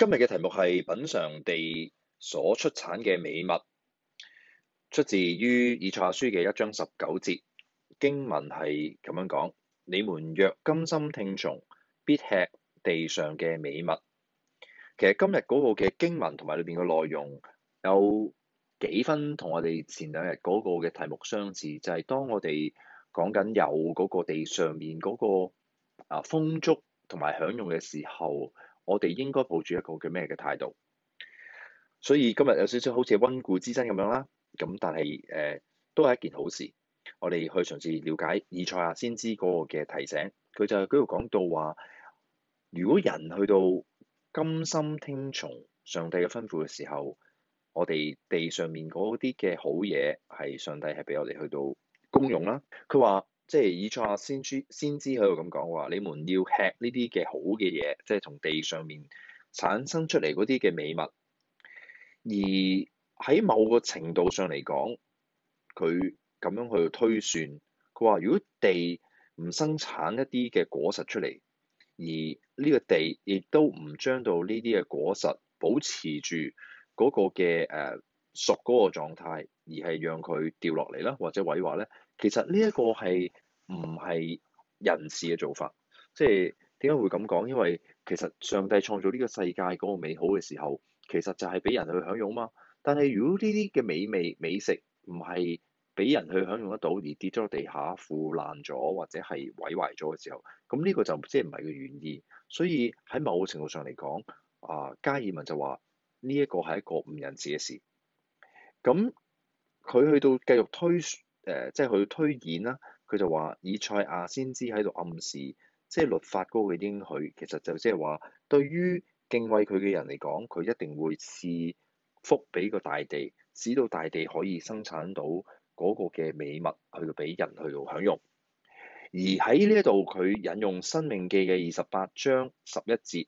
今日嘅題目係品嘗地所出產嘅美物，出自於以賽亞書嘅一章十九節。經文係咁樣講：你們若甘心聽從，必吃地上嘅美物。其實今日嗰個嘅經文同埋裏邊嘅內容有幾分同我哋前兩日嗰個嘅題目相似，就係當我哋講緊有嗰個地上面嗰個啊豐足同埋享用嘅時候。我哋應該抱住一個叫咩嘅態度？所以今日有少少好似溫故知新咁樣啦。咁但係誒、呃、都係一件好事。我哋去嘗試了解以賽亞先知嗰個嘅提醒。佢就喺嗰度講到話：如果人去到甘心聽從上帝嘅吩咐嘅時候，我哋地上面嗰啲嘅好嘢係上帝係俾我哋去到共用啦。佢話。即係以賽亞先知先知喺度咁講話，你們要吃呢啲嘅好嘅嘢，即係從地上面產生出嚟嗰啲嘅美物。而喺某個程度上嚟講，佢咁樣去推算，佢話如果地唔生產一啲嘅果實出嚟，而呢個地亦都唔將到呢啲嘅果實保持住嗰個嘅誒熟嗰個狀態，而係讓佢掉落嚟啦，或者毀壞咧。其實呢一個係唔係人事嘅做法，即係點解會咁講？因為其實上帝創造呢個世界嗰個美好嘅時候，其實就係俾人去享用嘛。但係如果呢啲嘅美味美，美食唔係俾人去享用得到，而跌咗落地下腐爛咗，或者係毀壞咗嘅時候，咁呢個就即係唔係佢願意。所以喺某程度上嚟講，啊加爾文就話呢一個係一個唔人事嘅事。咁佢去到繼續推。誒，即係去推演啦。佢就話以賽亞先知喺度暗示，即係律法嗰個應許，其實就即係話，對於敬畏佢嘅人嚟講，佢一定會賜福俾個大地，使到大地可以生產到嗰個嘅美物去到俾人去到享用。而喺呢一度，佢引用《申命記》嘅二十八章十一節，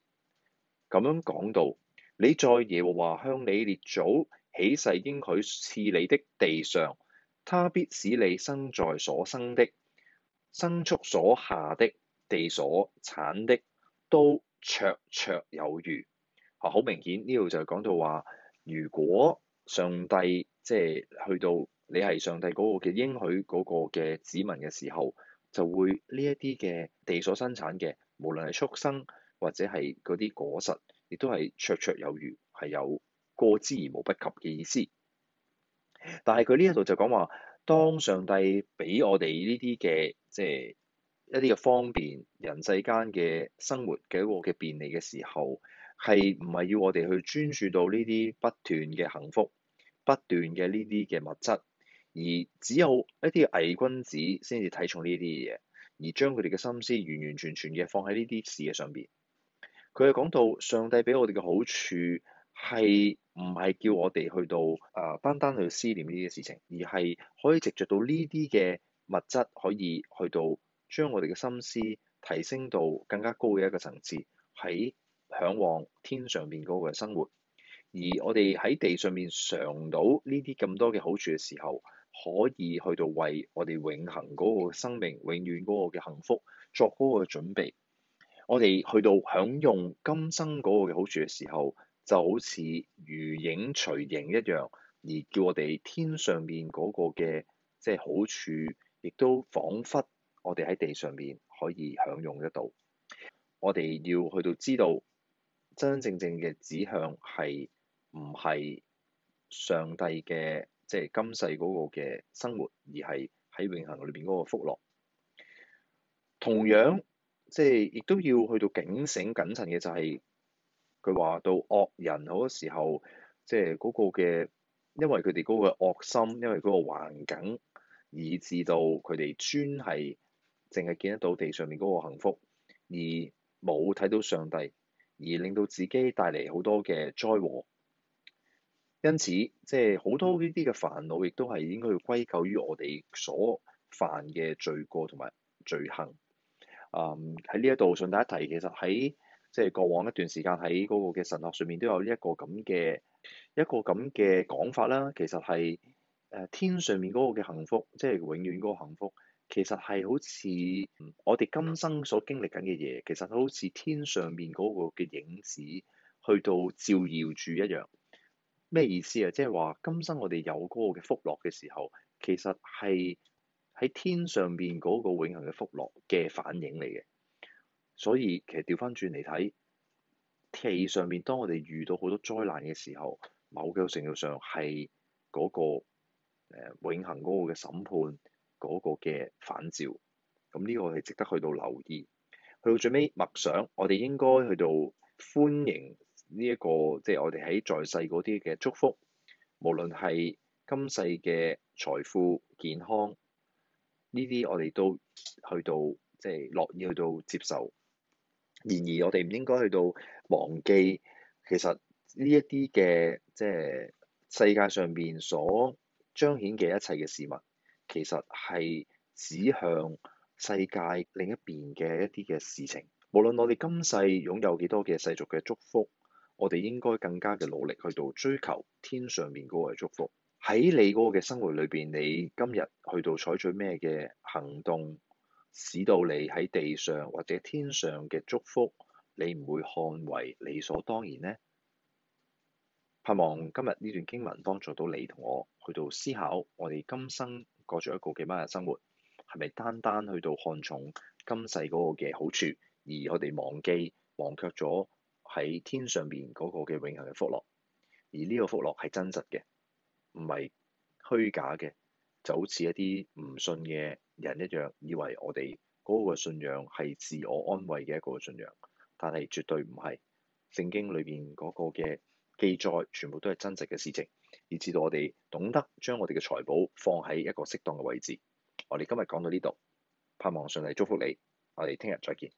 咁樣講到：「你在耶和華向你列祖起誓應許賜你的地上。他必使你身所生的、牲畜所下的、地所產的都綽綽有餘。啊、好明顯呢度就講到話，如果上帝即係、就是、去到你係上帝嗰個嘅應許嗰個嘅子民嘅時候，就會呢一啲嘅地所生產嘅，無論係畜生或者係嗰啲果實，亦都係綽綽有餘，係有過之而無不及嘅意思。但係佢呢一度就講話，當上帝俾我哋呢啲嘅，即係一啲嘅方便，人世間嘅生活嘅一個嘅便利嘅時候，係唔係要我哋去專注到呢啲不斷嘅幸福、不斷嘅呢啲嘅物質，而只有一啲偽君子先至睇重呢啲嘢，而將佢哋嘅心思完完全全嘅放喺呢啲事嘅上邊。佢係講到上帝俾我哋嘅好處。係唔係叫我哋去到啊，呃，單單去思念呢啲事情，而係可以藉著到呢啲嘅物質，可以去到將我哋嘅心思提升到更加高嘅一個層次，喺向往天上邊嗰個生活。而我哋喺地上面嘗到呢啲咁多嘅好處嘅時候，可以去到為我哋永恆嗰個生命、永遠嗰個嘅幸福作嗰個準備。我哋去到享用今生嗰個嘅好處嘅時候。就好似如影隨形一樣，而叫我哋天上邊嗰個嘅即係好處，亦都仿佛我哋喺地上面可以享用得到。我哋要去到知道真真正正嘅指向係唔係上帝嘅即係今世嗰個嘅生活，而係喺永恆裏邊嗰個福樂。同樣即係亦都要去到警醒謹慎嘅就係、是。佢話到惡人好多時候，即係嗰個嘅，因為佢哋嗰個惡心，因為嗰個環境，以至到佢哋專係，淨係見得到地上面嗰個幸福，而冇睇到上帝，而令到自己帶嚟好多嘅災禍。因此，即係好多呢啲嘅煩惱，亦都係應該要歸咎於我哋所犯嘅罪過同埋罪行。嗯，喺呢一度順帶一提，其實喺。即係過往一段時間喺嗰個嘅神學上面都有呢一個咁嘅一個咁嘅講法啦。其實係誒天上面嗰個嘅幸福，即係永遠嗰個幸福，其實係好似我哋今生所經歷緊嘅嘢，其實好似天上面嗰個嘅影子去到照耀住一樣。咩意思啊？即係話今生我哋有嗰個嘅福樂嘅時候，其實係喺天上面嗰個永恆嘅福樂嘅反映嚟嘅。所以其實掉返轉嚟睇，其上面當我哋遇到好多災難嘅時候，某個程度上係嗰個呃，永恆嗰個嘅審判嗰個嘅反照，咁呢個係值得去到留意。去到最尾默想，我哋應該去到歡迎呢一個，即係我哋喺在世嗰啲嘅祝福，無論係今世嘅財富、健康，呢啲我哋都去到即係樂意去到接受。然而，我哋唔應該去到忘記，其實呢一啲嘅即係世界上面所彰顯嘅一切嘅事物，其實係指向世界另一邊嘅一啲嘅事情。無論我哋今世擁有幾多嘅世俗嘅祝福，我哋應該更加嘅努力去到追求天上面嗰個祝福。喺你嗰個嘅生活裏邊，你今日去到採取咩嘅行動，使到你喺地上或者天上嘅祝福，你唔會看為理所當然呢？盼望今日呢段經文幫助到你同我，去到思考我哋今生過咗一個點樣嘅生活，係咪單單去到看重今世嗰個嘅好處，而我哋忘記忘卻咗喺天上面嗰個嘅永恆嘅福樂，而呢個福樂係真實嘅，唔係虛假嘅，就好似一啲唔信嘅人一樣，以為我哋嗰個信仰係自我安慰嘅一個信仰，但係絕對唔係。聖經裏邊嗰個嘅記載，全部都係真實嘅事情，以至到我哋懂得將我哋嘅財寶放喺一個適當嘅位置。我哋今日講到呢度，盼望上帝祝福你。我哋聽日再見。